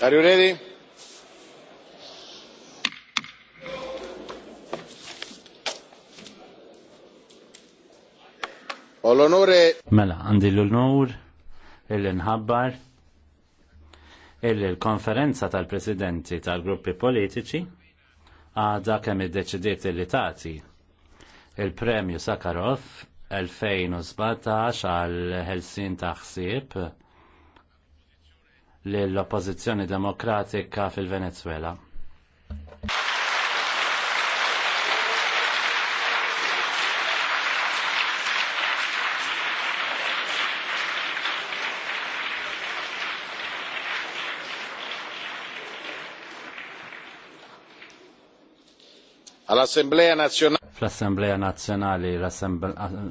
Are you ready? Ho l'onore. Mela, għandi l-onor il-nħabbar il-konferenza tal-presidenti tal-gruppi politiċi għada kemm id-deċidiet li tagħti il-premju Sakharov 2017 għal ħelsin taħsib l-oppozizjoni demokratika fil-Venezuela. All'Assemblea nazionale. Fl-Assemblea